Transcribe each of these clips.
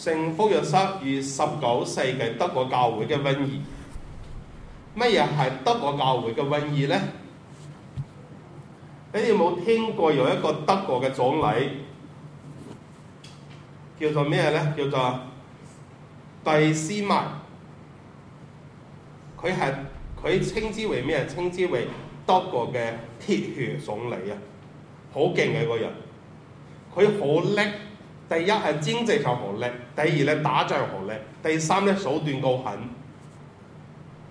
聖福若瑟與十九世紀德國教會嘅瘟疫，乜嘢係德國教會嘅瘟疫咧？你有冇聽過有一個德國嘅總理叫做咩咧？叫做俾斯麥。佢係佢稱之為咩？稱之為德國嘅鐵血總理啊，好勁嘅一個人，佢好叻。第一係經濟上好叻，第二咧打仗好叻，第三咧手段夠狠。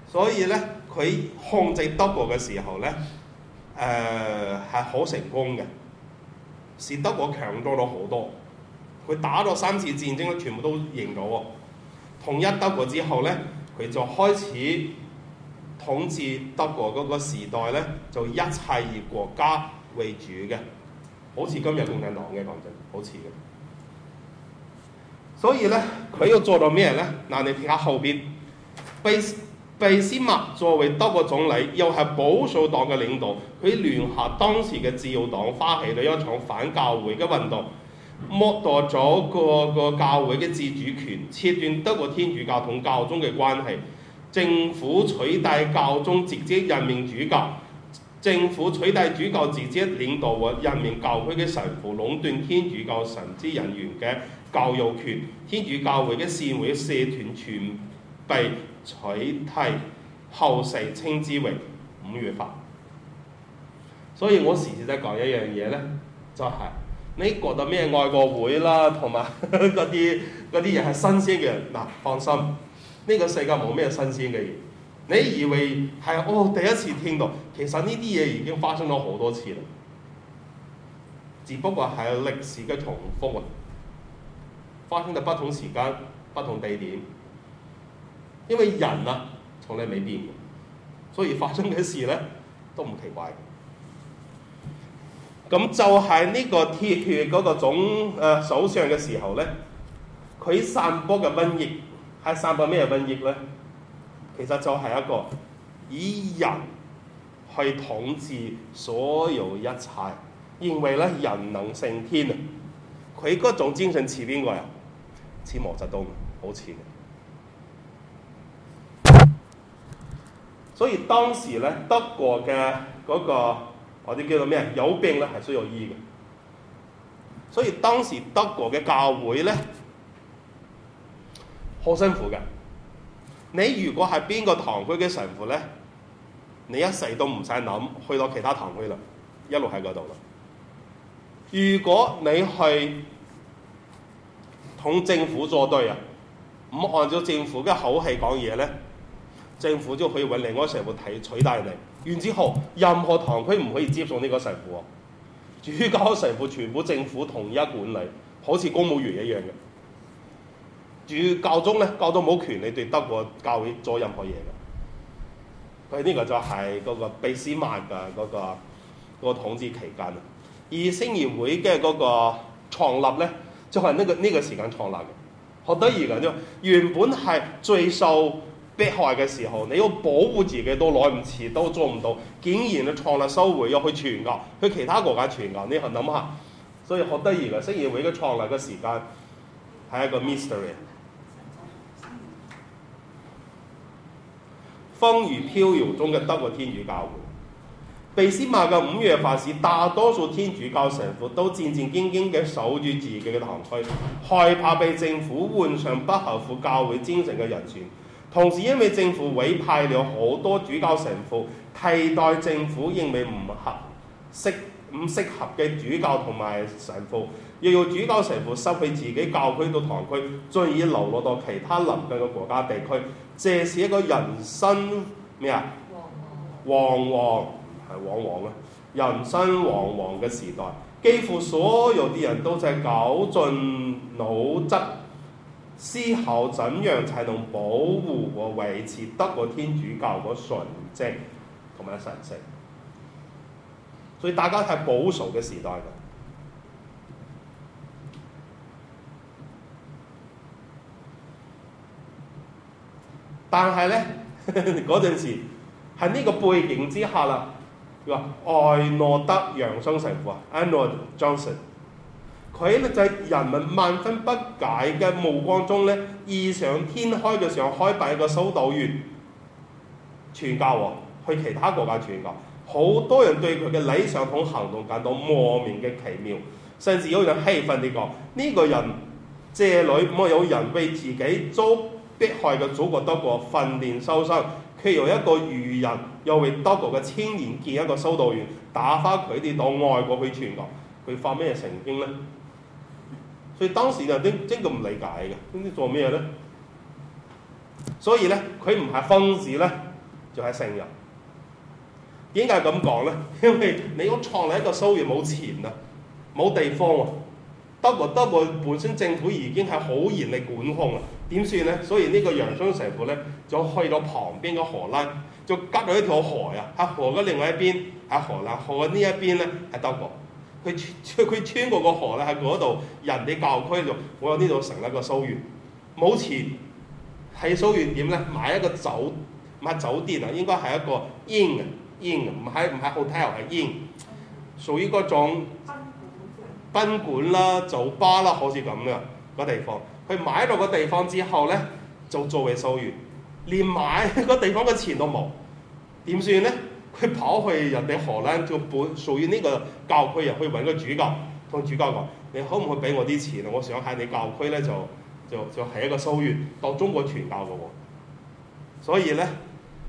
所以咧佢控制德國嘅時候咧，誒係好成功嘅，是德國強多咗好多。佢打咗三次戰爭咧，全部都贏到喎。統一德國之後咧，佢就開始統治德國嗰個時代咧，就一切以國家為主嘅，好似今日共產黨嘅講真，好似嘅。所以呢，佢要做到咩呢？嗱，你睇下後邊，俾斯俾斯麥作為德國總理，又係保守黨嘅領導，佢聯合當時嘅自由黨發起咗一場反教會嘅運動，剝奪咗個個教會嘅自主權，切斷德國天主教同教宗嘅關係，政府取代教宗，直接任命主教，政府取代主教，直接領導和任命教區嘅神父，壟斷天主教神職人員嘅教育權、天主教會嘅善會、社團全被取締，後世稱之為五月法。所以我時時都講一樣嘢咧，就係、是、你覺得咩愛國會啦，同埋嗰啲啲嘢係新鮮嘅，嗱，放心，呢、這個世界冇咩新鮮嘅嘢。你以為係哦第一次聽到，其實呢啲嘢已經發生咗好多次啦，只不過係歷史嘅重複啊！發生喺不同時間、不同地點，因為人啊，從來未變過，所以發生嘅事咧都唔奇怪嘅。咁就係呢個鐵血嗰個總誒首相嘅時候咧，佢散播嘅瘟疫係散播咩瘟疫咧？其實就係一個以人去統治所有一切，認為咧人能勝天啊！佢嗰種精神似邊個呀？似毛澤東，好似嘅。所以當時咧，德國嘅嗰個我哋叫做咩？有病咧係需要醫嘅。所以當時德國嘅教會咧，好辛苦嘅。你如果係邊個堂區嘅神父咧，你一世都唔使諗，去到其他堂區啦，一路喺嗰度啦。如果你去，同政府作對啊！唔按照政府嘅口氣講嘢咧，政府就可以揾另外一個神父取代你。然之後，任何堂區唔可以接送呢個神父、啊，主教神父全部政府統一管理，好似公務員一樣嘅。主教宗咧，教宗冇權力對德國教會做任何嘢嘅。佢、這、呢個就係嗰個俾斯麥嘅嗰個嗰、那個那個統治期間啊。而聖言會嘅嗰個創立咧。就係呢、呢個呢、呢個時間創立嘅，好得意嘅，因為原本係最受迫害嘅時候，你要保護自己都來唔及，都做唔到，竟然你創立、收回，又去傳教，去其他國家傳教，你諗下，所以好得意嘅，聖言會嘅創立嘅時間係一個 mystery。風雨飄搖中嘅德國天主教會。被燒賣嘅五月法事，大多數天主教神父都戰戰兢兢嘅守住自己嘅堂區，害怕被政府換上不合乎教會精神嘅人選。同時，因為政府委派了好多主教神父替代政府認為唔合適唔適合嘅主教同埋神父，又要主教神父收起自己教區到堂區，最以流落到其他鄰近嘅國家地區，這是一個人生咩啊？惶惶。黃黃黃黃係往往啊！人生惶惶嘅時代，幾乎所有啲人都在絞盡腦汁思考，怎樣才能保護和維持德國天主教嘅純正同埋神聖。所以大家係保守嘅時代㗎。但係咧，嗰 陣時喺呢個背景之下啦。佢話：艾諾德楊生神父 Arnold Janssen，佢咧就係人民萬分不解嘅目光中，呢異想天開嘅想開辦一個修道院傳教喎，去其他國家傳教。好多人對佢嘅理想同行動感到莫名嘅奇妙，甚至有人氣憤地講：呢、這個人，這裡冇有人為自己遭迫害嘅祖國多過訓練修生。譬如一個愚人，又為德國嘅青年建一個修道院，打翻佢哋到外國去傳教，佢發咩神經咧？所以當時就真真咁唔理解嘅，呢啲做咩咧？所以咧，佢唔係瘋子咧，就係聖人。點解咁講咧？因為你講創立一個修院冇錢啊，冇地方喎。德國德國本身政府已經係好嚴厲管控啦，點算咧？所以個呢個洋春城府咧，就去到旁邊個荷蘭，就隔咗一條河呀。喺、啊、河嘅另外一邊，喺荷蘭；河嘅呢一邊咧，係、啊、德國。佢佢佢穿過個河啦，喺嗰度人哋教區度，我喺呢度成立個修院。冇錢喺修院點咧？買一個酒買個酒店啊，應該係一個 inn inn 唔係唔係 hotel 係 inn，屬於嗰種。賓館啦、啊、酒吧啦，好似咁嘅個地方，佢買到個地方之後咧，就做為修院，連買個地方嘅錢都冇，點算咧？佢跑去人哋荷蘭做本，就屬於呢個教區啊，去揾個主教，同主教講：你可唔可以俾我啲錢啊？我想喺你教區咧，就就就係、是、一個修院，當中國傳教嘅喎。所以咧，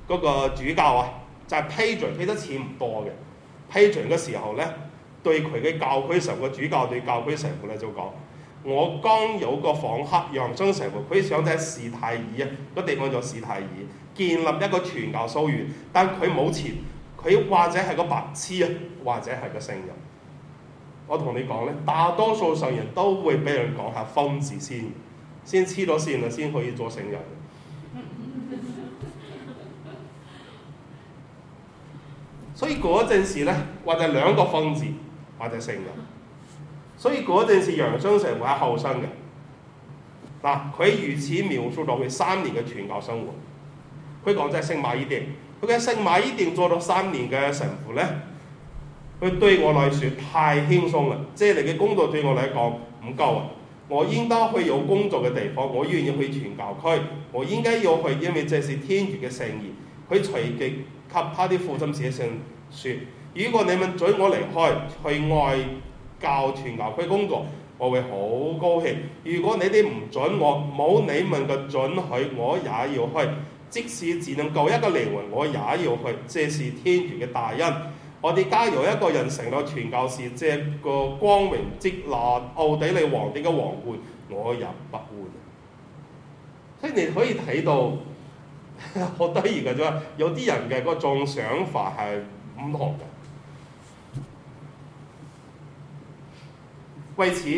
嗰、那個主教啊，就係批准批得錢唔多嘅，批准嘅時候咧。對佢嘅教區上個主教對教區神父咧，就講：我剛有個訪客，陽春神父，佢想睇史泰爾啊個地方做史泰爾，建立一個全球修院，但佢冇錢，佢或者係個白痴啊，或者係個聖人。我同你講咧，大多數聖人都會俾人講下瘋字先，先黐到線啊，先可以做聖人。 所以嗰陣時咧，或者兩個瘋字。或者聖嘅，所以嗰陣時楊雙成係後生嘅，嗱，佢如此描述落去三年嘅傳教生活，佢講真係聖馬爾定，佢嘅聖馬爾定做咗三年嘅神父咧，佢對我來說太輕鬆啦，即係你嘅工作對我嚟講唔夠啊，我應當去有工作嘅地方，我願意去傳教區，我應該要去，因為這是天主嘅聖意。佢隨即給他啲父親寫信説。如果你們准我離開去外教傳教區工作，我會好高興。如果你哋唔准我，冇你們嘅准許，我也要去，即使只能夠一個靈魂，我也要去。這是天主嘅大恩。我哋家有一個人成了傳教士，借、這個光明即使拿奧地利皇帝嘅皇冠，我也不換。所以你可以睇到，好得意嘅啫。有啲人嘅嗰種想法係唔同嘅。為此，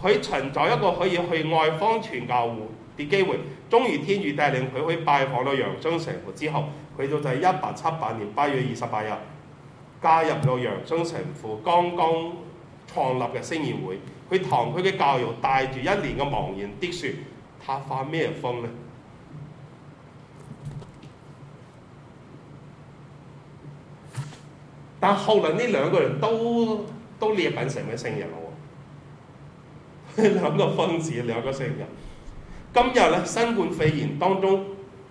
佢尋找一個可以去外方傳教會嘅機會。終於天主帶領佢去拜訪到楊生神父之後，佢到就係一八七八年八月二十八日加入咗楊生神父剛剛創立嘅聖言會。佢堂區嘅教友帶住一年嘅茫然的，説，他發咩瘋呢？」但後來呢兩個人都都列品成為聖人。兩個分子，兩個成人。今日咧，新冠肺炎當中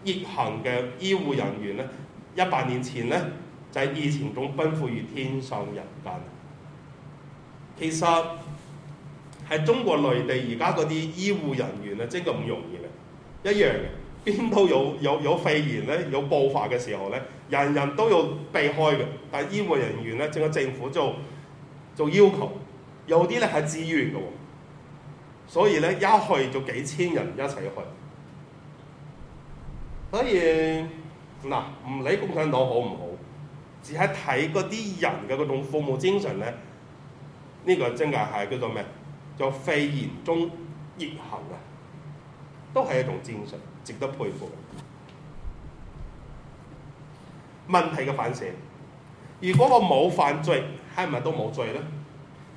逆行嘅醫護人員咧，一百年前咧就係以前中奔赴於天上人間。其實係中國內地而家嗰啲醫護人員即係咁容易咧，一樣嘅，邊度有有有肺炎咧，有暴發嘅時候咧，人人都有避開嘅，但係醫護人員咧，正係政府做做要求，有啲咧係自願嘅喎。所以咧，一去就幾千人一齊去，所以嗱唔理共產黨好唔好，只係睇嗰啲人嘅嗰種服務精神咧，呢、呢個真係係叫做咩？就肺炎中逆行啊，都係一種精神，值得佩服。問題嘅反射，如果我冇犯罪係咪都冇罪咧？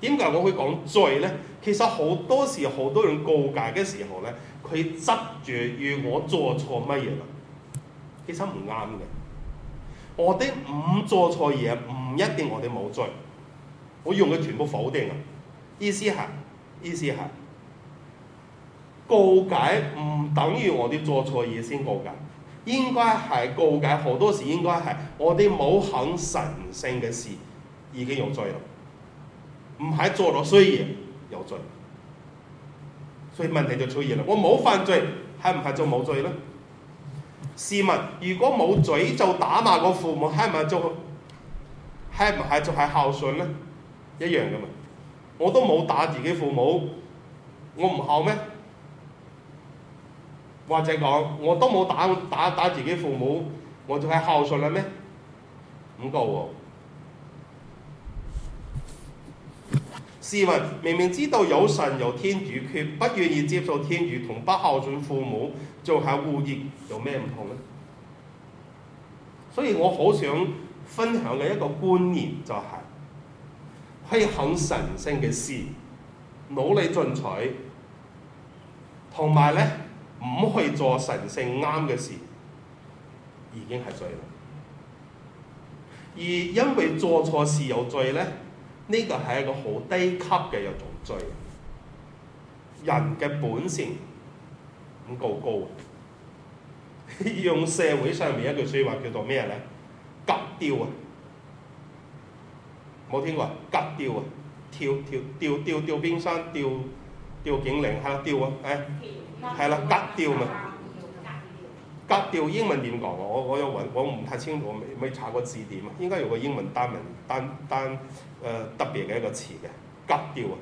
點解我會講罪咧？其實好多時，好多人告解嘅時候咧，佢執住要我做錯乜嘢啦。其實唔啱嘅。我哋唔做錯嘢，唔一定我哋冇罪。我用嘅全部否定啊。意思係，意思係，告解唔等於我哋做錯嘢先告解。應該係告解，好多時應該係我哋冇肯神聖嘅事已經有罪啦。唔係做落衰嘢有罪，所以問題就出現啦。我冇犯罪，係唔係就冇罪咧？試問，如果冇罪就打罵個父母，係咪就係唔係就係孝順咧？一樣噶嘛。我都冇打自己父母，我唔孝咩？或者講我都冇打打打自己父母，我就係孝順啦咩？唔夠喎。試問明明知道有神有天主，卻不願意接受天主，同不孝順父母做下污業，有咩唔同呢？所以我好想分享嘅一個觀念就係、是，可以肯神聖嘅事，努力進取，同埋咧唔去做神聖啱嘅事，已經係罪喇。而因為做錯事有罪咧。呢個係一個好低級嘅一種罪，人嘅本性咁高高啊！用社會上面一句説話叫做咩咧？急調啊！冇聽過啊？急調啊！跳跳跳調調冰山？吊調景嶺係啦，調啊！誒係啦，急調、啊哎嗯、嘛！格調英文點講？我我有揾，我唔太清楚，未未查過字典啊。應該有個英文單名，單單誒、呃、特別嘅一個詞嘅格調啊，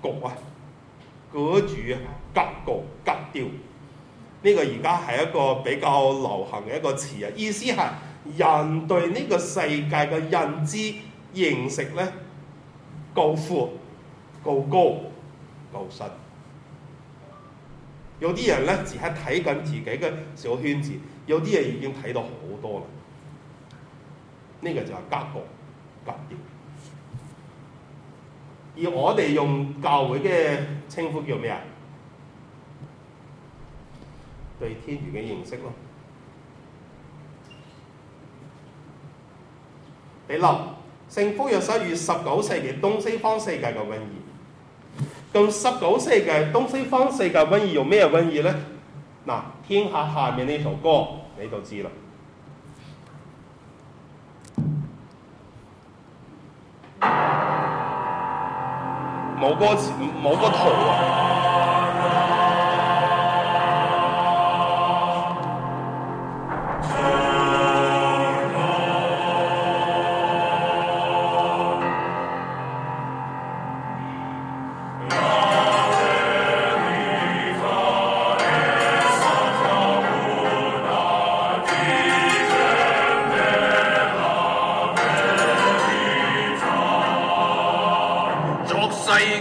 格局啊，格局啊，格局格調。呢、呢個而家係一個比較流行嘅一個詞啊，意思係人對呢個世界嘅認知認識咧，夠闊、夠高、夠深。有啲人咧，只係睇緊自己嘅小圈子，有啲嘢已經睇到好多啦。呢、這個就係格局。隔裂。而我哋用教會嘅稱呼叫咩啊？對天主嘅認識咯。第六，聖福若瑟與十九世紀東西方世界嘅瘟疫。咁十九世紀東西方世界瘟疫有咩瘟疫咧？嗱、啊，聽下下面呢首歌你就知啦。冇 歌詞，冇個圖啊。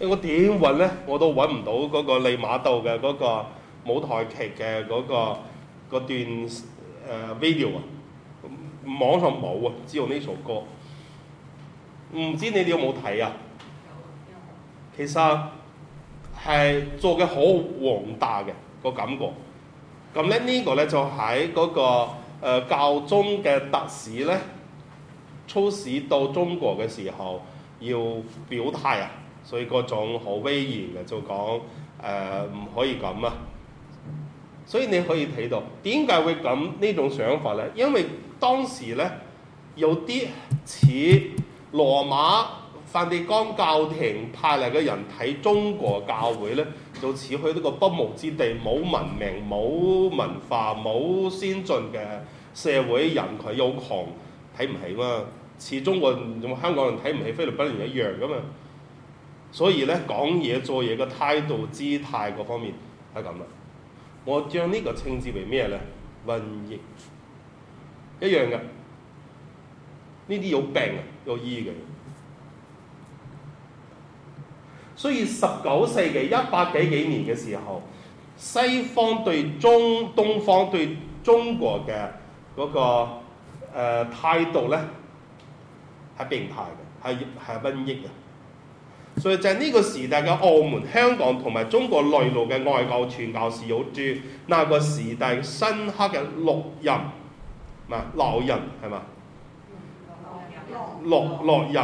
我點揾咧？我都揾唔到嗰個利馬道嘅嗰個舞台劇嘅嗰、嗰個段、呃、video 啊，網上冇啊，只有呢首歌。唔知你哋有冇睇啊？其實係做嘅好宏大嘅、嗰個感覺。咁咧呢、呢個咧就喺嗰個教宗嘅特使咧，初時到中國嘅時候要表態啊！所以嗰種好威嚴嘅，就講誒唔可以咁啊！所以你可以睇到點解會咁呢種想法呢？因為當時呢，有啲似羅馬梵蒂岡教廷派嚟嘅人睇中國教會呢，就似去呢個不毛之地，冇文明、冇文化、冇先進嘅社會人，人佢又窮睇唔起嘛！似中國人、香港人睇唔起菲律賓人一樣噶嘛～所以咧，講嘢做嘢嘅態度姿態各方面係咁啦，我將呢個稱之為咩咧？瘟疫一樣嘅，呢啲有病嘅有醫嘅。所以十九世紀一百幾幾年嘅時候，西方對中東方對中國嘅嗰個誒態度咧係病態嘅，係係瘟疫嘅。所以就係呢個時代嘅澳門、香港同埋中國內陸嘅外教傳教士有住那個時代深刻嘅烙印，嗱烙印係嘛？烙烙印。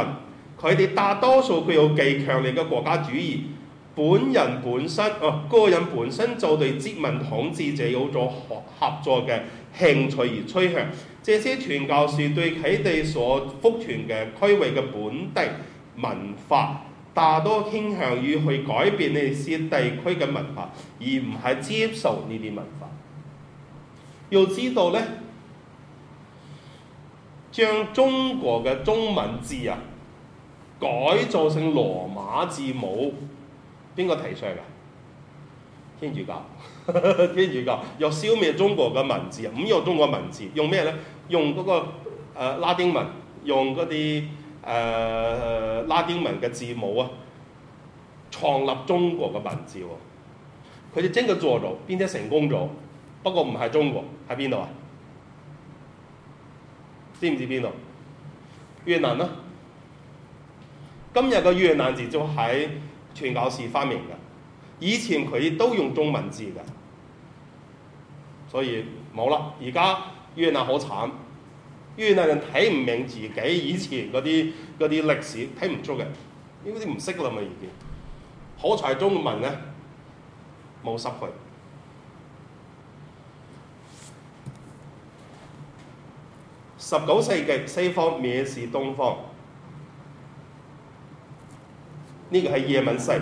佢哋人大多數具有極強烈嘅國家主義，本人本身哦、呃，個人本身就對殖民統治者有咗合合作嘅興趣而趨向，這些傳教士對佢哋所福傳嘅區域嘅本地文化。大多傾向於去改變你哋先地區嘅文化，而唔係接受呢啲文化。要知道咧，將中國嘅中文字啊改造成羅馬字母，邊個提出嚟㗎？天主教，天主教又消滅中國嘅文字啊！唔用中國文字，用咩咧？用嗰個、呃、拉丁文，用嗰啲。誒、uh, 拉丁文嘅字母啊，創立中國嘅文字喎、哦，佢哋真嘅做到，並且成功咗，不過唔係中國，喺邊度啊？知唔知邊度？越南啊。今日嘅越南字就喺傳教士發明嘅，以前佢都用中文字嘅，所以冇啦，而家越南好慘。原來人睇唔明自己以前嗰啲啲歷史睇唔出嘅，因為啲唔識啦嘛，已經好彩中文呢冇失佢。十九世紀西方蔑視東方，呢、這個係野文性。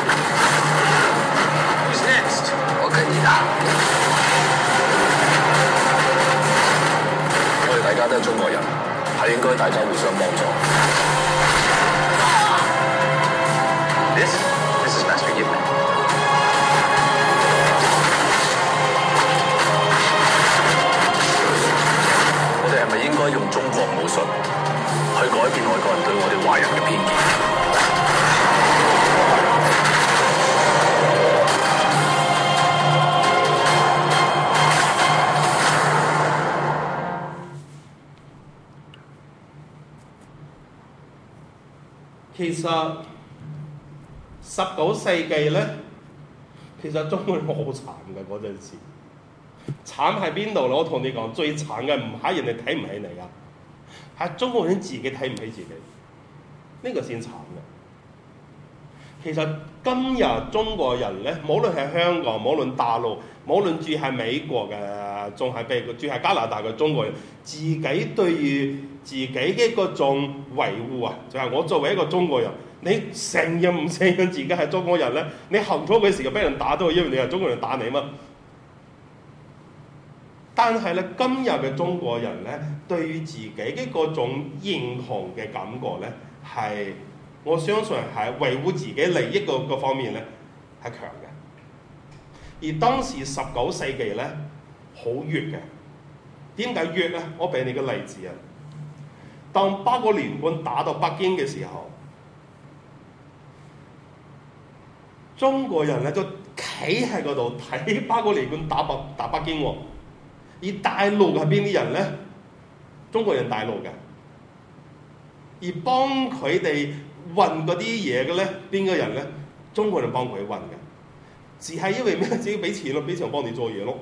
我哋大家都係中國人，係應該大家互相幫助。This, this is Master Yip Man。我哋係咪應該用中國武術去改變外國人對我哋華人嘅偏見？其實十九世紀咧，其實中國人好慘嘅嗰陣時，慘喺邊度咧？我同你講，最慘嘅唔係人哋睇唔起你啊，喺中國人自己睇唔起自己，呢個先慘嘅。其實今日中國人咧，無論係香港、無論大陸、無論住喺美國嘅，仲係譬如住喺加拿大嘅中國人，自己對於自己嘅嗰種維護啊，就係、是、我作為一個中國人，你承認唔承認自己係中國人咧，你行錯嘅時候俾人打到，因為你係中國人打你啊嘛。但係咧，今日嘅中國人咧，對於自己嘅嗰種認同嘅感覺咧，係我相信係維護自己利益個方面咧係強嘅。而當時十九世紀咧好弱嘅，點解弱咧？我俾你個例子啊。當八國聯軍打到北京嘅時候，中國人咧就企喺嗰度睇八國聯軍打北打北京喎、哦。而大陸係邊啲人咧？中國人大陸嘅。而幫佢哋運嗰啲嘢嘅咧，邊個人咧？中國人幫佢運嘅。只係因為咩？只要俾錢咯，俾錢我幫你做嘢咯。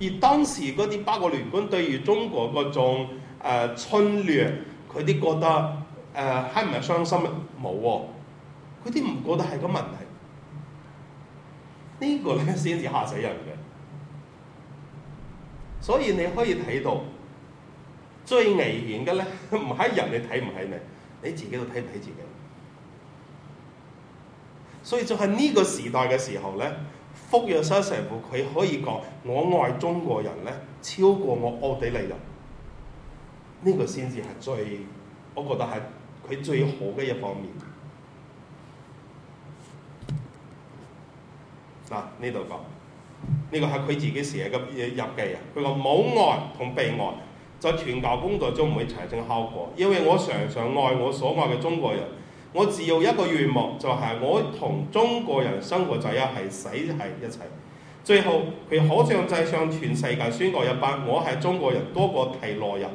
而當時嗰啲八國聯軍對於中國嗰種誒，侵略佢啲覺得誒係唔係傷心嘅冇喎，佢啲唔覺得係個問題，這個、呢個咧先至嚇死人嘅。所以你可以睇到最危險嘅咧，唔 喺人哋睇唔起你，你自己都睇唔起自己。所以就係呢個時代嘅時候咧，福若瑟神父佢可以講我愛中國人咧，超過我奧地利人。呢個先至係最，我覺得係佢最好嘅一方面。嗱、啊，呢度講呢個係佢自己寫嘅日記啊。佢話冇愛同被愛在傳教工作中唔會產生效果，因為我常常愛我所愛嘅中國人。我自有一個願望，就係、是、我同中國人生活就一在一起，死喺一齊。最後佢可像就係向全世界宣告：「一班我係中國人，多過提羅人。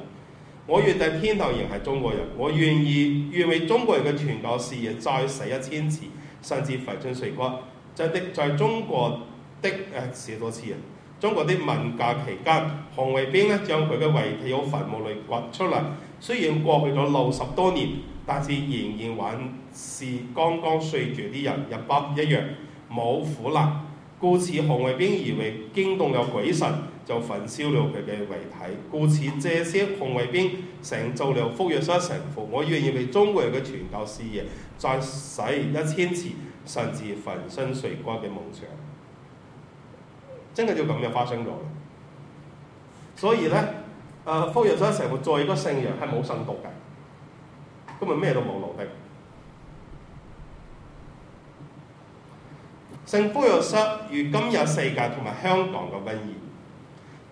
我願在天堂仍係中國人，我願意願為中國人嘅傳教事業再死一千次，甚至粉身碎骨。真的，在中國的誒死多次啊！中國的文革期間，紅衛兵咧將佢嘅遺體喺墳墓裡掘出嚟。雖然過去咗六十多年，但是仍然還是剛剛睡住啲人，入北一樣冇腐爛。故此，紅衛兵以為驚動有鬼神。就焚燒了佢嘅遺體，故，故此這些紅衛兵成就了福若瑟神父。我願意為中國嘅傳教事業再死一千次，甚至焚身碎骨嘅夢想，真係要咁樣發生咗。所以呢，《誒福若瑟神父再多聖人係冇神道嘅，咁咪咩都冇留的。聖福若瑟如今日世界同埋香港嘅瘟疫。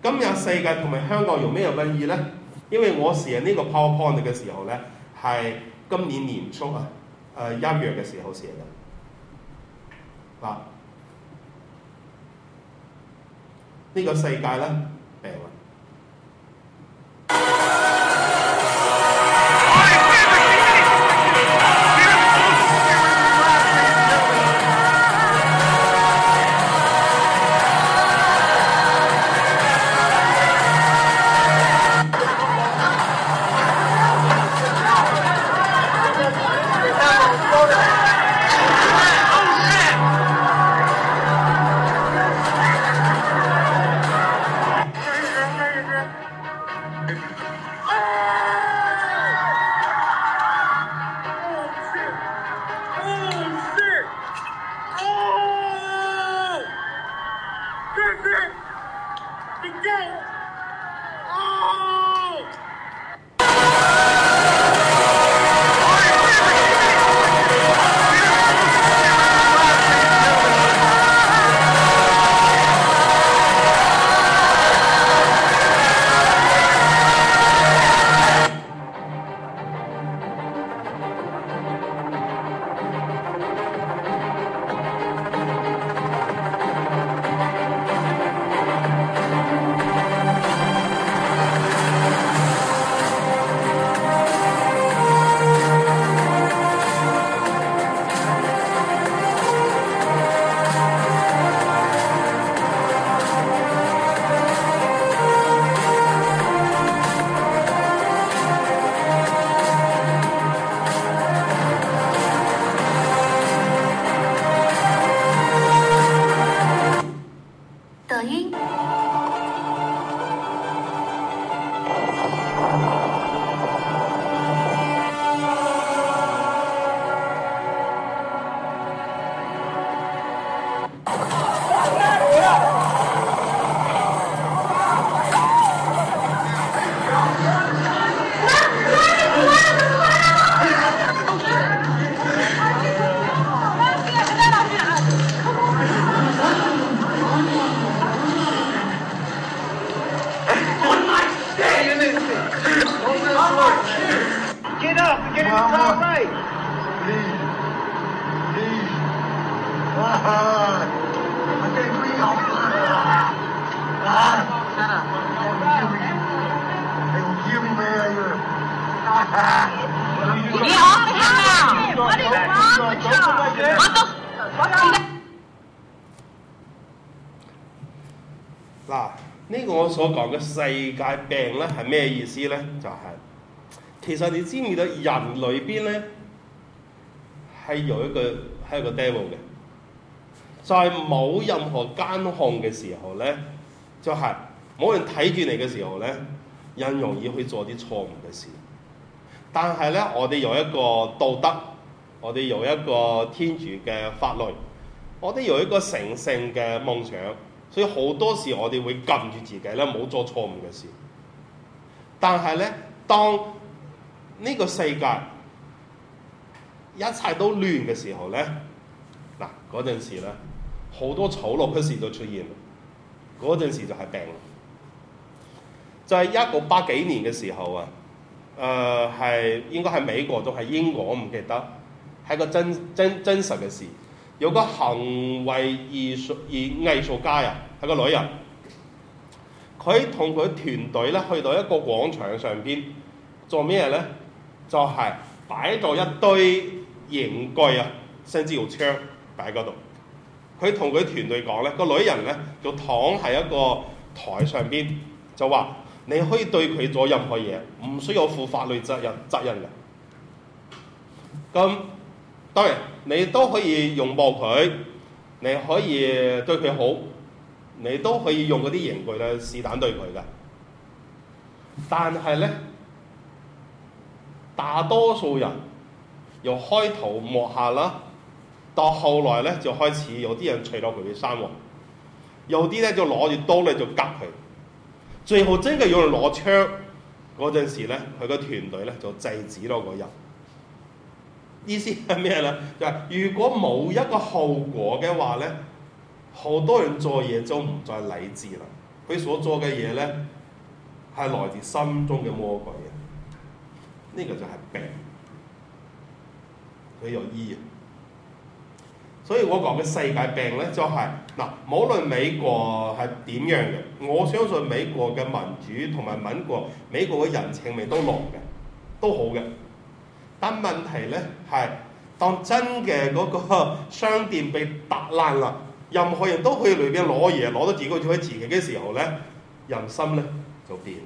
今日世界同埋香港用咩分別咧？因為我寫呢個 PowerPoint 嘅時候咧，係今年年初啊，誒、呃、一月嘅時候寫嘅。嗱、啊，呢、這個世界咧。呃世界病咧係咩意思咧？就係、是、其實你知唔知道人裏邊咧係有一個係一個 devil 嘅，在、就、冇、是、任何監控嘅時候咧，就係、是、冇人睇住你嘅時候咧，很容易去做啲錯誤嘅事。但係咧，我哋有一個道德，我哋有一個天主嘅法律，我哋有一個成聖嘅夢想。所以好多時我哋會禁住自己啦，冇做錯誤嘅事。但係咧，當呢個世界一切都亂嘅時候咧，嗱，嗰陣時咧，好多醜陋嘅事都出現。嗰陣時就係病，就係一九八幾年嘅時候啊。誒、呃、係應該係美國仲係英國，我唔記得。係一個真真真實嘅事。有個行為藝術、而藝術家啊，係個女人，佢同佢團隊咧去到一個廣場上邊做咩咧？就係擺咗一堆刑具啊，甚至用槍擺喺嗰度。佢同佢團隊講咧，個女人咧，就躺喺一個台上邊，就話你可以對佢做任何嘢，唔需要負法律責任責任嘅。咁。當然，你都可以擁抱佢，你可以對佢好，你都可以用嗰啲刑具咧試彈對佢嘅。但係咧，大多數人由開頭幕下啦，到後來咧就開始有啲人除咗佢嘅衫喎，有啲咧就攞住刀咧就拮佢，最後真係有人攞槍嗰陣時咧，佢個團隊咧就制止咗個人。意思係咩咧？就係、是、如果冇一個後果嘅話咧，好多人做嘢就唔再理智啦。佢所做嘅嘢咧係來自心中嘅魔鬼嘅，呢、這個就係病。佢有醫嘅，所以我講嘅世界病咧就係、是、嗱，無論美國係點樣嘅，我相信美國嘅民主同埋民國，美國嘅人情味都濃嘅，都好嘅。但問題咧係，當真嘅嗰個商店被砸爛啦，任何人都可以裏邊攞嘢，攞到自己就可自己嘅時候咧，人心咧就變。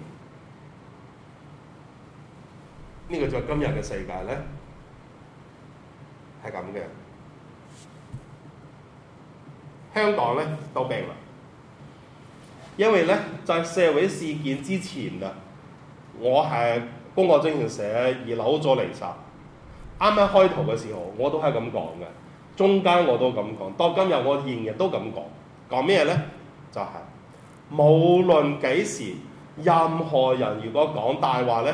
呢個就今日嘅世界咧係咁嘅。香港咧都病啦，因為咧就係社會事件之前啊，我係《中國青年社》而樓咗嚟集。啱啱開頭嘅時候，我都係咁講嘅，中間我都咁講，到今日我現日都咁講，講咩咧？就係、是、無論幾時，任何人如果講大話咧，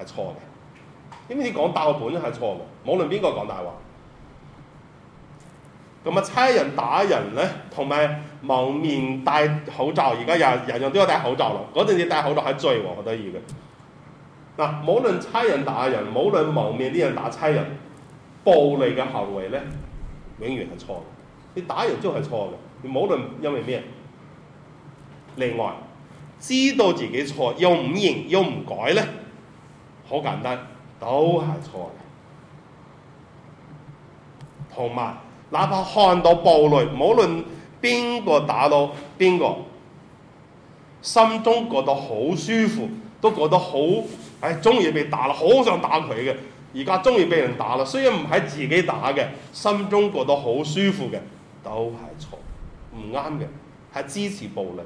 係錯嘅。點知你講大本係錯嘅，無論邊個講大話。咁啊，差人打人咧，同埋蒙面戴口罩，而家人人人都要戴口罩咯。嗰陣時戴口罩係罪喎，我得意嘅。嗱，無論差人打人，無論蒙面啲人打差人，暴力嘅行為咧，永遠係錯。你打人即係錯嘅，你無論因為咩，另外知道自己錯又唔認又唔改咧，好簡單，都係錯。同埋，哪怕看到暴力，無論邊個打到邊個，心中覺得好舒服，都覺得好。唉，終於、哎、被打啦，好想打佢嘅。而家終於被人打啦，雖然唔係自己打嘅，心中覺得好舒服嘅，都係錯，唔啱嘅，係支持暴力。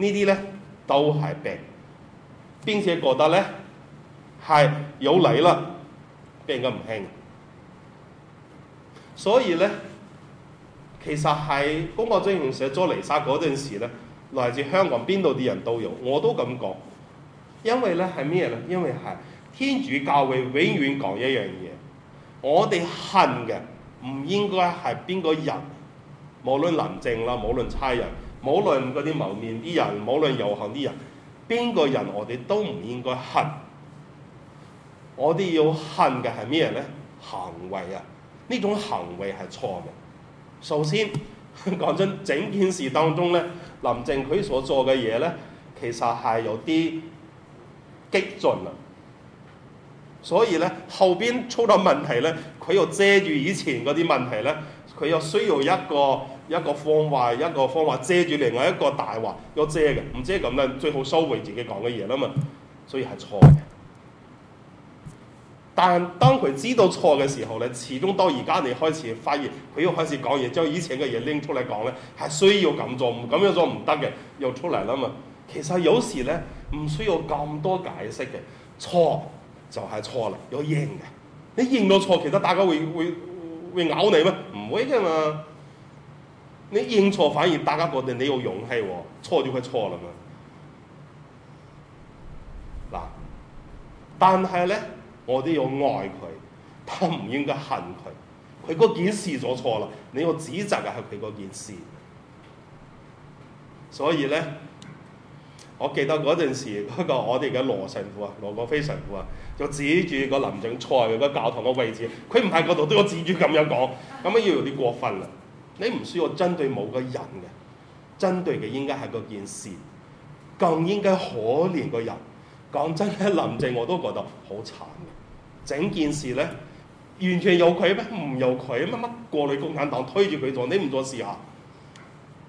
呢啲咧都係病，並且覺得咧係有理啦，病得唔輕。所以咧，其實係《公共資源》寫咗《離沙嗰陣時咧，來自香港邊度啲人都有，我都咁講。因為咧係咩咧？因為係天主教會永遠講一樣嘢，我哋恨嘅唔應該係邊個人，無論林鄭啦，無論差人，無論嗰啲謀面啲人，無論遊行啲人，邊個人我哋都唔應該恨。我哋要恨嘅係咩咧？行為啊，呢種行為係錯嘅。首先講真，整件事當中咧，林鄭佢所做嘅嘢咧，其實係有啲。激進啊，所以咧後邊出到問題咧，佢又遮住以前嗰啲問題咧，佢又需要一個一個方法，一個方法遮住另外一個大話，又遮嘅，唔遮咁咧，最好收回自己講嘅嘢啦嘛。所以係錯嘅。但當佢知道錯嘅時候咧，始終到而家你開始發現，佢又開始講嘢，將以前嘅嘢拎出嚟講咧，係需要咁做，唔咁樣做唔得嘅，又出嚟啦嘛。其實有時咧。唔需要咁多解釋嘅，錯就係錯啦。有認嘅，你認到錯，其實大家會會會咬你咩？唔會嘅嘛。你認錯，反而大家覺得你有勇氣喎、哦。錯就係錯啦嘛。嗱，但係咧，我都要愛佢，佢唔應該恨佢。佢嗰件事做錯啦，你要指責嘅係佢嗰件事。所以咧。我記得嗰陣時，嗰、嗰個我哋嘅羅神父啊，羅國飛神父啊，就指住個林鄭蔡個教堂嘅位置，佢唔喺嗰度都我指住咁樣講，咁樣要有啲過分啦。你唔需要針對某個人嘅，針對嘅應該係嗰件事，更應該可憐個人。講真咧，林鄭我都覺得好慘。整件事咧，完全由佢咩？唔由佢乜乜過濾共產黨推住佢做，你唔做事啊？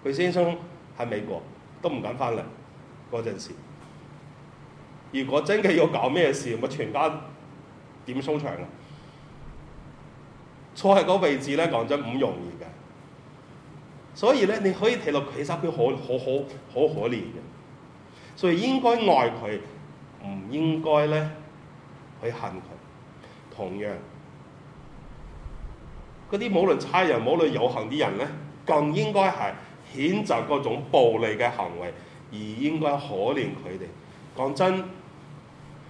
佢先生喺美國都唔敢翻嚟。嗰陣時，如果真嘅要搞咩事，咪全家點收場啊？坐喺嗰位置咧，講真唔容易嘅。所以咧，你可以睇到其實佢好、好、好、好可憐嘅，所以應該愛佢，唔應該咧去恨佢。同樣，嗰啲冇論差人、冇論有恨啲人咧，更應該係譴責嗰種暴力嘅行為。而應該可憐佢哋。講真，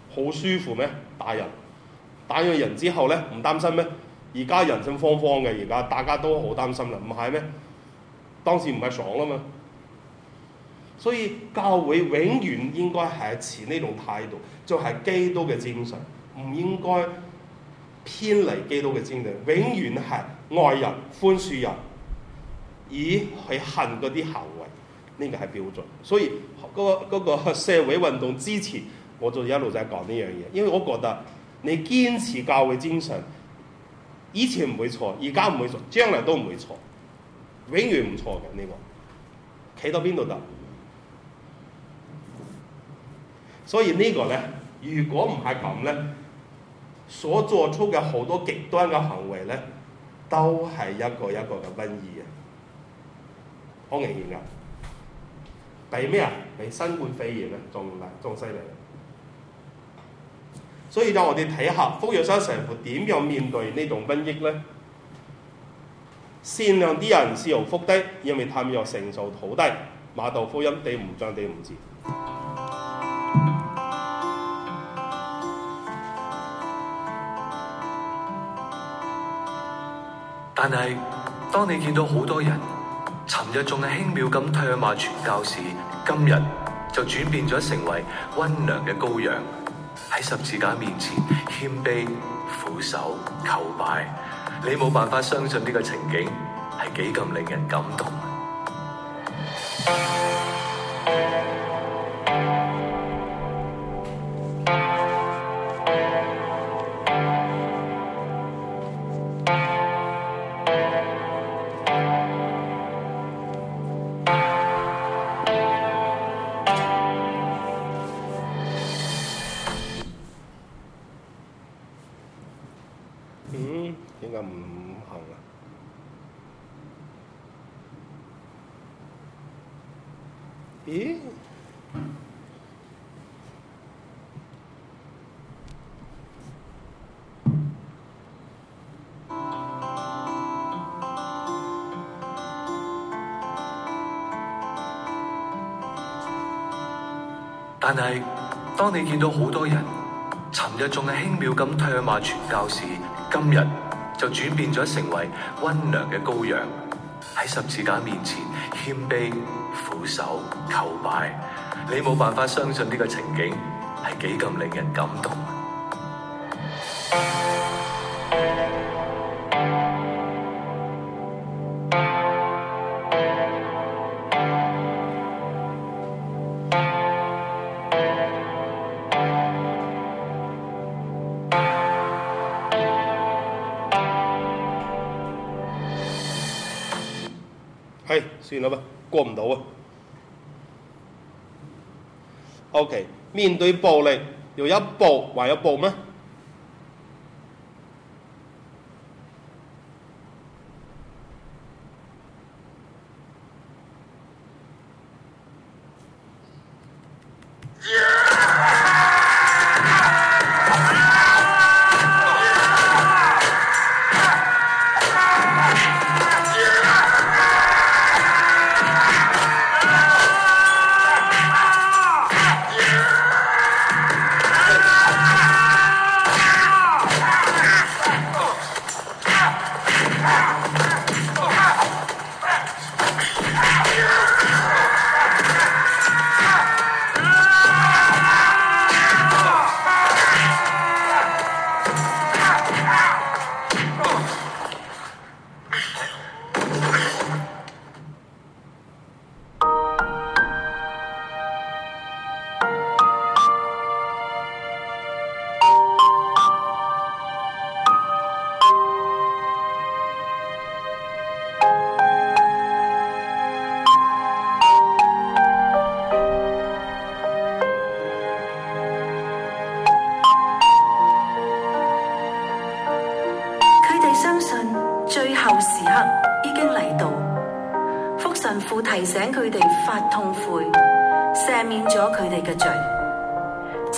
好舒服咩？打人，打完人之後咧，唔擔心咩？而家人心慌慌嘅，而家大家都好擔心啦，唔係咩？當時唔係爽吖嘛。所以教會永遠應該係持呢種態度，就係、是、基督嘅精神，唔應該偏離基督嘅精神，永遠係愛人、寬恕人，而去恨嗰啲恨。呢個係標準，所以嗰個嗰個社會運動之前，我就一路就講呢樣嘢。因為我覺得你堅持教會精神，以前唔會錯，而家唔會錯，將來都唔會錯，永遠唔錯嘅呢個。企到邊度得？所以個呢個咧，如果唔係咁咧，所做出嘅好多極端嘅行為咧，都係一個一個嘅瘟疫啊！好明顯㗎。比咩啊？比新冠肺炎咧，仲大，仲犀利。所以讓我哋睇下福若瑟神父點樣面對種呢種瘟疫咧，善良啲人是有福的，因為探欲成數土地，瑪竇福音，第五章第五節。但係，當你見到好多人。尋日仲係輕妙咁唾罵傳教士，今日就轉變咗成為溫良嘅羔羊，喺十字架面前謙卑俯首求拜。你冇辦法相信呢個情景係幾咁令人感動。但係，當你見到好多人，尋日仲係輕蔑咁唾罵傳教士，今日就轉變咗成為溫良嘅羔羊，喺十字架面前謙卑俯首叩拜，你冇辦法相信呢個情景係幾咁令人感動。算啦噉，過唔到啊。OK，面對暴力，有一步還有一步咩？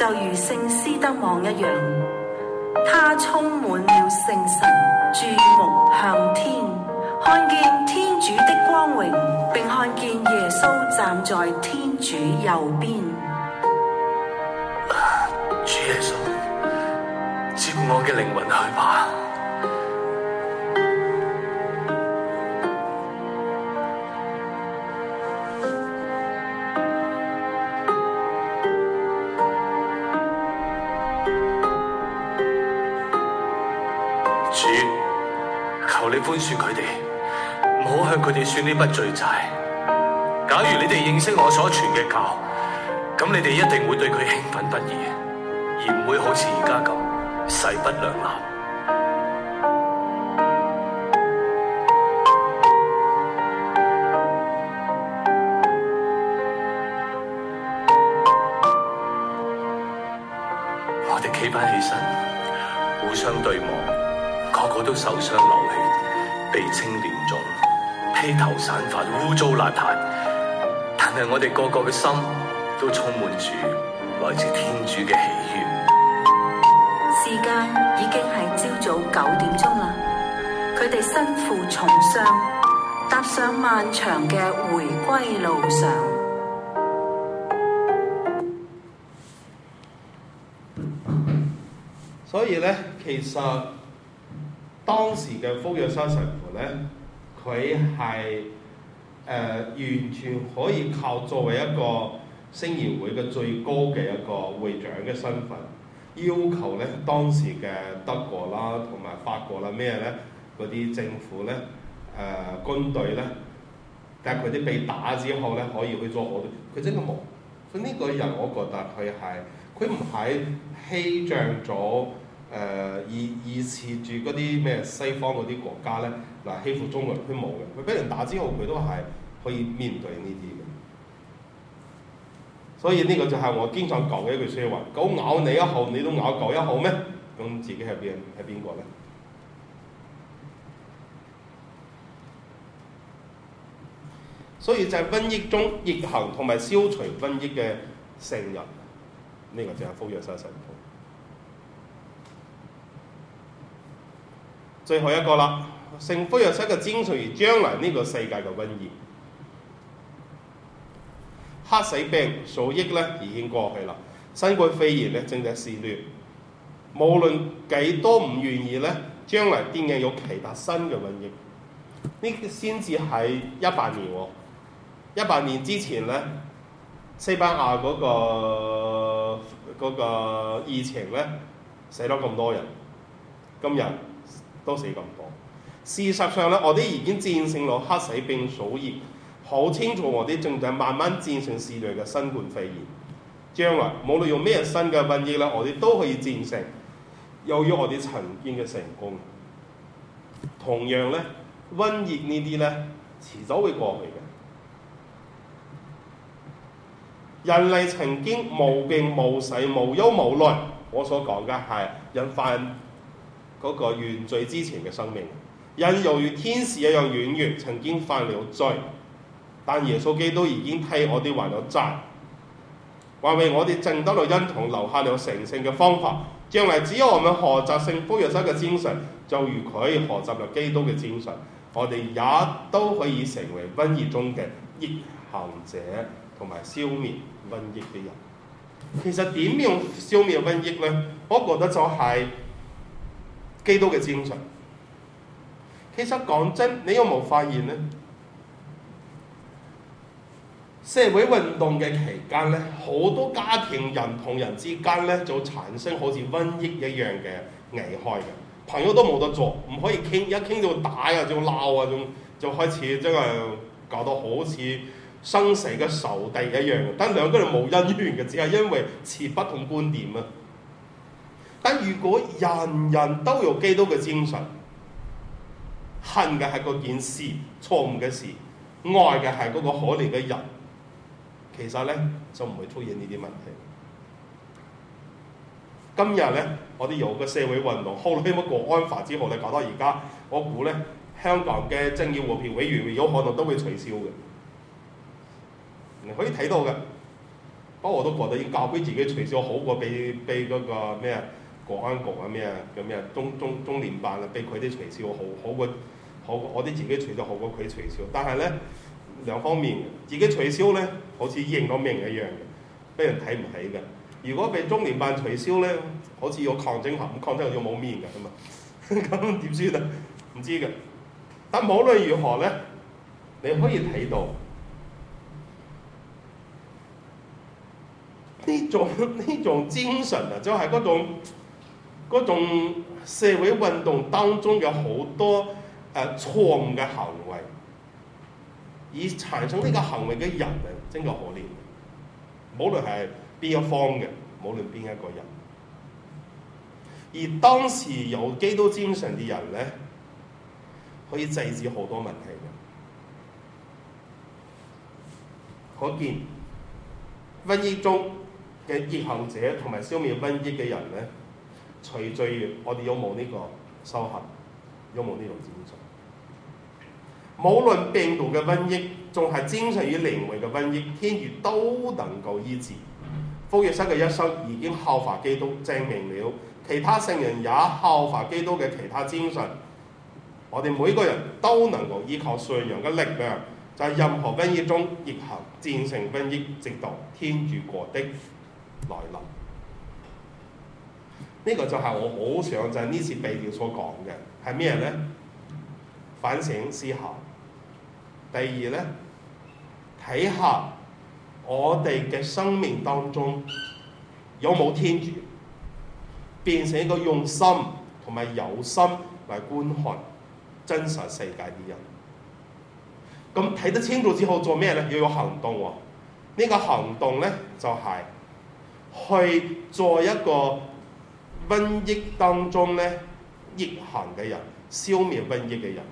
就如聖斯德望一樣，他充滿了聖神，注目向天，看見天主的光榮，並看見耶穌站在天主右邊。不聚債，假如你哋認識我所傳嘅教，咁你哋一定會對佢興奮不已，而唔會好似而家咁勢不兩立。我哋企返起身，互相對望，個個都受傷流血，鼻青臉腫。披頭散髮、污糟邋遢，但係我哋個個嘅心都充滿住來自天主嘅喜悅。時間已經係朝早九點鐘啦，佢哋身負重傷，踏上漫長嘅回歸路上。所以咧，其實當時嘅福若瑟神父咧。佢係誒完全可以靠作為一個聖言會嘅最高嘅一個會長嘅身份，要求咧當時嘅德國啦，同埋法國啦咩咧嗰啲政府咧誒、呃、軍隊咧，但係佢哋被打之後咧，可以去做好多，佢真係冇。佢呢個人我覺得佢係佢唔係倚仗咗誒意意示住嗰啲咩西方嗰啲國家咧。嗱，欺負中國人佢冇嘅，佢俾人打之後佢都係可以面對呢啲嘅，所以呢個就係我經常講嘅一句説話：狗咬你一口，你都咬狗一口咩？咁自己係邊係邊個咧？所以就係瘟疫中逆行同埋消除瘟疫嘅聖人，呢、這個就係福若瑟神父。最後一個啦。聖福若瑟嘅精髓而將嚟呢個世界嘅瘟疫，黑死病數億咧已經過去啦。新冠肺炎咧正在肆虐，無論幾多唔願意咧，將嚟點影有其他新嘅瘟疫？呢先至係一百年、哦，一百年之前咧，西班牙嗰、嗰個嗰個疫情咧死咗咁多人，今日都死咁多。事實上咧，我哋已經戰勝咗黑死病鼠疫，好清楚我哋正在慢慢戰勝肆虐嘅新冠肺炎。將來無論用咩新嘅瘟疫咧，我哋都可以戰勝，由於我哋曾經嘅成功。同樣咧，瘟疫呢啲咧，遲早會過去嘅。人類曾經無病無死無憂無慮，我所講嘅係人犯嗰個原罪之前嘅生命。因猶如天使一樣軟弱，曾經犯了罪，但耶穌基督已經替我哋還咗債，還為我哋淨得律恩同留下了成聖嘅方法。將來只要我們學習聖福若瑟嘅精神，就如佢學習咗基督嘅精神，我哋也都可以成為瘟疫中嘅逆行者，同埋消滅瘟疫嘅人。其實點樣消滅瘟疫呢？我覺得就係基督嘅精神。其實講真，你有冇發現咧？社會運動嘅期間咧，好多家庭人同人之間咧，就產生好似瘟疫一樣嘅危害嘅。朋友都冇得做，唔可以傾，一傾就打啊，就鬧啊，就，就開始真係搞到好似生死嘅仇敵一樣。但兩個人冇恩怨嘅，只係因為持不同觀點啊。但如果人人都有基督嘅精神，恨嘅係嗰件事，錯誤嘅事；愛嘅係嗰個可憐嘅人。其實咧就唔會出現呢啲問題。今日咧我哋有個社會運動，後嚟嗰個國安法之後咧，搞到而家，我估咧香港嘅正義和平委員會有可能都會取消嘅。你可以睇到嘅，不過我都覺得已經教俾自己取消好過俾俾嗰個咩啊？保安局啊咩啊叫咩啊中中中聯辦啊，俾佢啲取消好好過，好過我哋自己取消，好過佢取消，但係咧兩方面，自己取消咧好似認咗命一樣嘅，俾人睇唔起嘅。如果俾中聯辦取消咧，好似要抗爭合，咁抗爭下就冇面嘅咁啊，咁點算啊？唔知嘅。但無論如何咧，你可以睇到呢種呢種精神啊，就係嗰種。嗰種社會運動當中有好多誒錯誤嘅行為，而產生呢個行為嘅人咧，真係可憐。無論係邊一方嘅，無論邊一個人，而當時有基督精神嘅人咧，可以制止好多問題嘅。可見瘟疫中嘅逆行者同埋消滅瘟疫嘅人咧。除罪，我哋有冇呢個修行，有冇呢種精神？無論病毒嘅瘟疫，仲係精神與靈魂嘅瘟疫，天主都能夠醫治。福若瑟嘅一生已經效法基督，證明了其他聖人也效法基督嘅其他精神。我哋每個人都能夠依靠信仰嘅力量，在任何瘟疫中逆行戰勝瘟疫，直到天主國的來臨。呢個就係我好想就係呢次避靜所講嘅，係咩咧？反省思考。第二咧，睇下我哋嘅生命當中有冇天主，變成一個用心同埋有心嚟觀看真實世界嘅人。咁、嗯、睇得清楚之後做咩咧？要有行動喎、啊。呢、這個行動咧就係、是、去做一個。瘟疫當中咧，逆行嘅人消滅瘟疫嘅人，呢、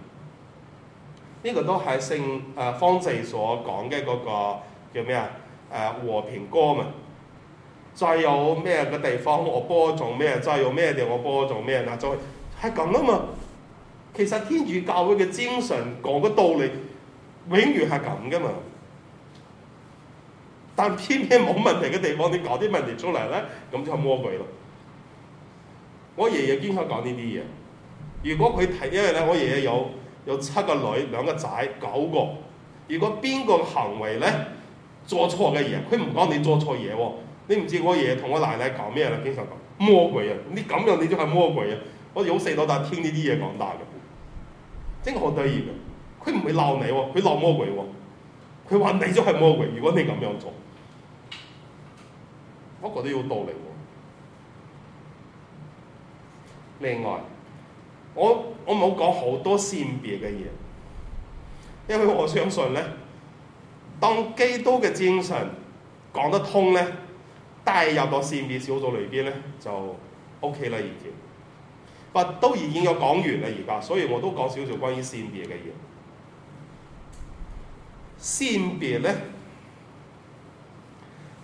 這個都係聖誒方濟所講嘅嗰個叫咩啊？誒、呃、和平歌嘛。再有咩嘅地方我播種咩，再有咩地方我播種咩嗱，再係咁啊嘛。其實天主教會嘅精神講嘅道理，永遠係咁噶嘛。但偏偏冇問題嘅地方，你搞啲問題出嚟咧，咁就魔鬼咯。我爺爺經常講呢啲嘢。如果佢睇，因為咧我爺爺有有七個女、兩個仔、九個。如果邊個行為咧做錯嘅嘢，佢唔講你做錯嘢喎。你唔知我爺爺同我奶奶講咩啦？經常講魔鬼啊！你咁樣你就係魔鬼啊！我哋有細到大聽呢啲嘢講大嘅，真係好得意嘅。佢唔會鬧你喎，佢鬧魔鬼喎、啊。佢話你都係魔鬼，如果你咁樣做。我覺得有道理喎。另外，我我冇講好多善別嘅嘢，因為我相信咧，當基督嘅精神講得通咧，帶入到善別小組裏邊咧就 OK 啦，而家，我都已經有講完啦，而家，所以我都講少少關於善別嘅嘢。善別咧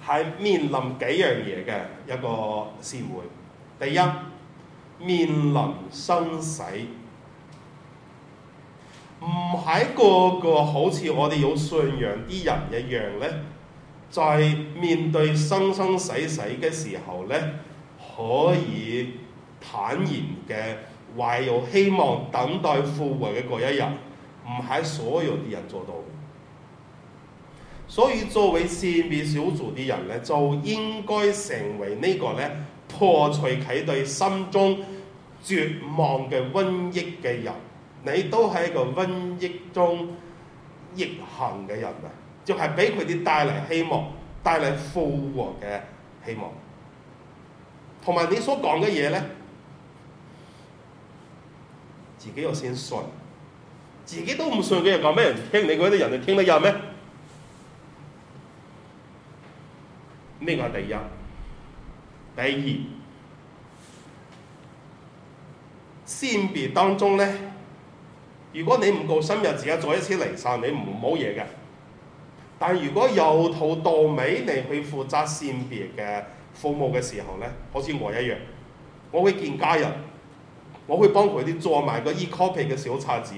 係面臨幾樣嘢嘅一個善會，第一。面臨生死，唔喺個個好似我哋有信仰啲人一樣咧，在，就是、面對生生死死嘅時候咧，可以坦然嘅懷有希望，等待復活嘅嗰一日，唔喺所有啲人做到。所以作為善別小組啲人咧，就應該成為個呢個咧。破除佢哋心中絕望嘅瘟疫嘅人，你都係一個瘟疫中逆行嘅人啊！就係俾佢哋帶嚟希望，帶嚟復和嘅希望。同埋你所講嘅嘢咧，自己又先信，自己都唔信嘅人講咩人聽？你嗰啲人你聽得入咩？呢個係第一。第二，善別當中咧，如果你唔夠深入，自己再一次離散，你唔好嘢嘅。但如果由頭到尾你去負責善別嘅服務嘅時候咧，好似我一樣，我去見家人，我去幫佢哋做埋個 e copy 嘅小冊子，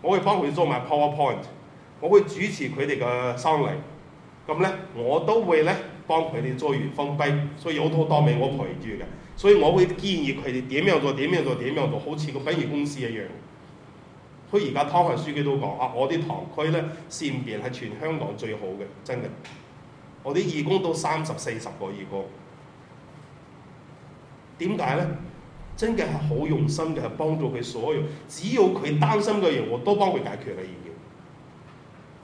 我去幫佢做埋 PowerPoint，我去主持佢哋嘅喪禮，咁咧我都會咧。幫佢哋做完封閉，所以好多當面我陪住嘅，所以我會建議佢哋點樣做，點樣做，點樣做，好似個殯儀公司一樣。佢而家湯漢樞機都講啊，我啲堂區咧善別係全香港最好嘅，真嘅。我啲義工都三十四十個義工，點解咧？真嘅係好用心嘅，係幫助佢所有，只要佢擔心嘅嘢，我都幫佢解決嘅意見。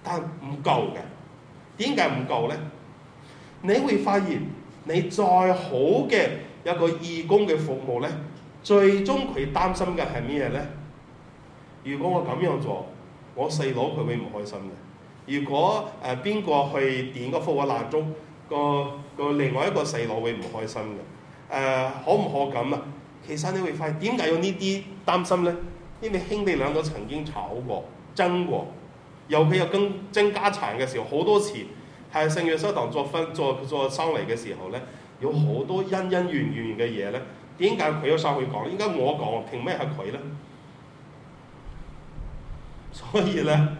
但唔夠嘅，點解唔夠咧？你會發現，你再好嘅一個義工嘅服務呢，最終佢擔心嘅係咩呢？如果我咁樣做，我細佬佢會唔開心嘅。如果誒邊、呃、個去點個火或蠟燭，個個另外一個細佬會唔開心嘅。誒、呃、可唔可咁啊？其實你會發現，點解有呢啲擔心呢？因為兄弟兩個曾經吵過、爭過，尤其有爭爭家產嘅時候，好多次。係聖若瑟堂作分作作生離嘅時候呢，有好多恩恩怨怨嘅嘢呢，點解佢有上去講？應該我講？憑咩係佢呢？所以呢，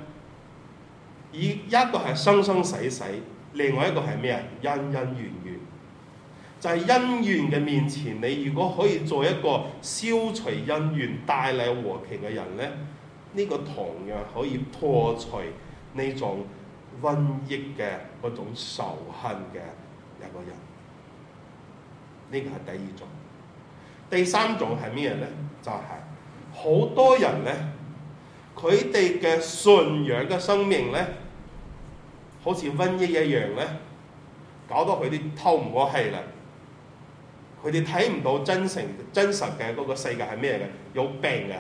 以一個係生生死死，另外一個係咩？恩恩怨怨。就係、是、恩怨嘅面前，你如果可以做一個消除恩怨、帶嚟和平嘅人呢呢、呢個同樣可以破除呢種瘟疫嘅嗰種仇恨嘅一個人，呢個係第二種。第三種係咩咧？就係、是、好多人咧，佢哋嘅信仰嘅生命咧，好似瘟疫一樣咧，搞到佢哋透唔過氣啦。佢哋睇唔到真誠真實嘅嗰個世界係咩嘅？有病嘅。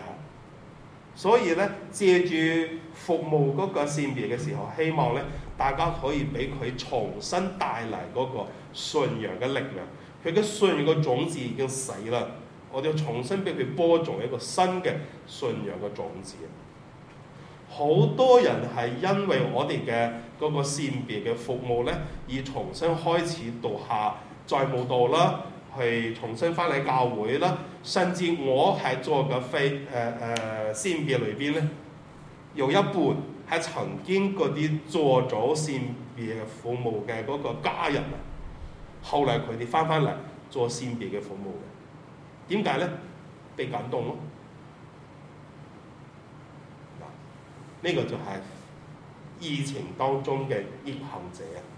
所以咧，借住服務嗰個善別嘅時候，希望咧，大家可以俾佢重新帶嚟嗰個信仰嘅力量。佢嘅信仰嘅種子已經死啦，我哋要重新俾佢播種一個新嘅信仰嘅種子。好多人係因為我哋嘅嗰個善別嘅服務咧，而重新開始讀下再慕道啦。去重新翻嚟教會啦，甚至我係做嘅非誒誒善別裏邊咧，有一半係曾經嗰啲做咗善別嘅服務嘅嗰個家人，啊，後嚟佢哋翻翻嚟做善別嘅服務嘅，點解咧？被感動咯。嗱，呢個就係疫情當中嘅逆行者啊！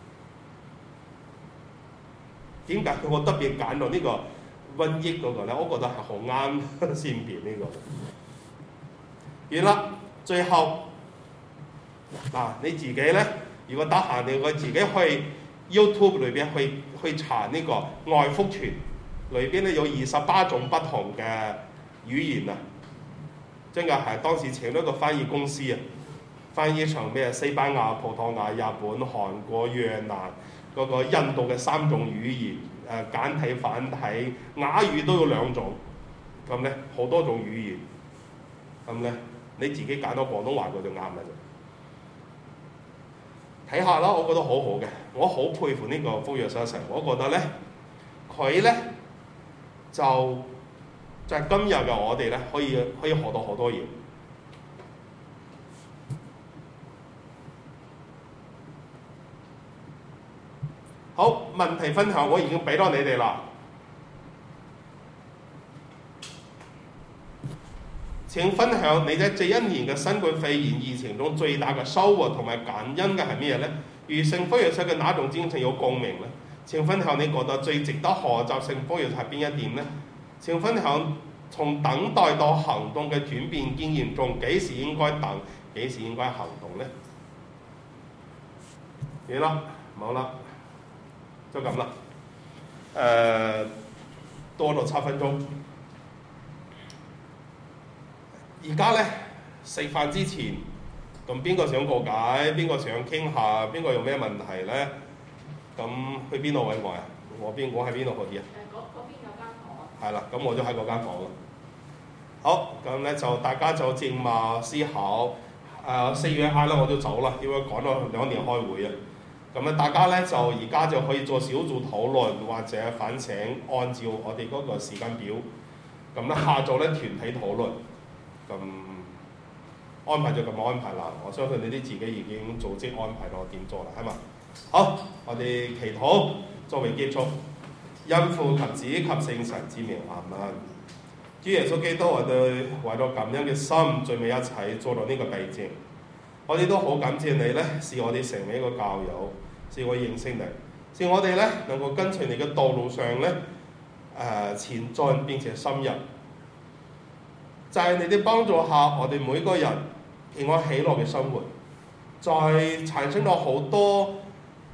點解佢我特別揀到呢、這個瘟疫嗰個咧、這個？我覺得係好啱先變呢個。完啦，最後嗱、啊、你自己咧，如果得閒你會自己去 YouTube 裏邊，去去查呢個外服傳，裏邊咧有二十八種不同嘅語言啊！真係係當時請咗個翻譯公司啊，翻譯成咩西班牙、葡萄牙、日本、韓國、越南。嗰印度嘅三種語言，誒，簡體繁體，雅語都有兩種，咁咧好多種語言，咁咧你自己揀到廣東話嗰度啱嘅啫。睇下咯，我覺得好好嘅，我好佩服呢個福若瑟神。我覺得咧，佢咧就就係今日嘅我哋咧可以可以學到好多嘢。好，問題分享，我已經俾到你哋啦。請分享你喺呢一年嘅新冠肺炎疫情中最大嘅收穫同埋感恩嘅係咩嘢呢？與聖福若瑟嘅哪種精神有共鳴呢？請分享你覺得最值得學習聖福若瑟係邊一點呢？請分享從等待到行動嘅轉變經驗，仲幾時應該等，幾時應該行動呢？嘢啦，冇啦。就咁啦，誒、呃、多咗七分鐘。而家咧食飯之前，咁邊個想過解？邊個想傾下？邊個有咩問題咧？咁去邊度揾我呀？我，我，我邊我喺邊度嗰啲啊？誒，嗰邊有間房。係啦，咁我都喺嗰間房。好，咁咧就大家就靜默思考。誒、呃，四月一號咧我就走啦，因為趕咗兩年開會啊。咁啊，大家咧就而家就可以做小組討論或者反省，按照我哋嗰個時間表。咁、嗯、咧下晝咧團體討論，咁、嗯、安排就咁安排啦。我相信你啲自己已經組織安排到點做啦，係嘛？好，我哋祈禱，作為結束，因父及子及聖神之名，阿們。主耶穌基督，我哋為咗感恩嘅心，最尾一齊做到呢個備註。我哋都好感謝你咧，使我哋成為一個教友。是我認識你，是我哋咧能夠跟隨你嘅道路上咧，誒、呃、前進並且深入。就係、是、你哋幫助下，我哋每個人平安喜樂嘅生活，在產生咗好多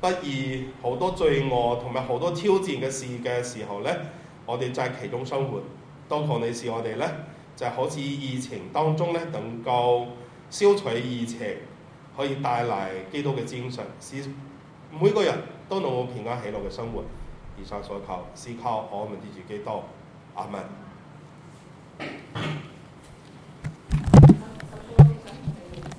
不義、好多罪惡同埋好多挑戰嘅事嘅時候咧，我哋就在其中生活，多靠你，是我哋咧，就是、好似疫情當中咧，能夠消除疫情，可以帶嚟基督嘅精神。每個人都能夠平安喜樂嘅生活，以上所求，是靠我們自己多。阿們。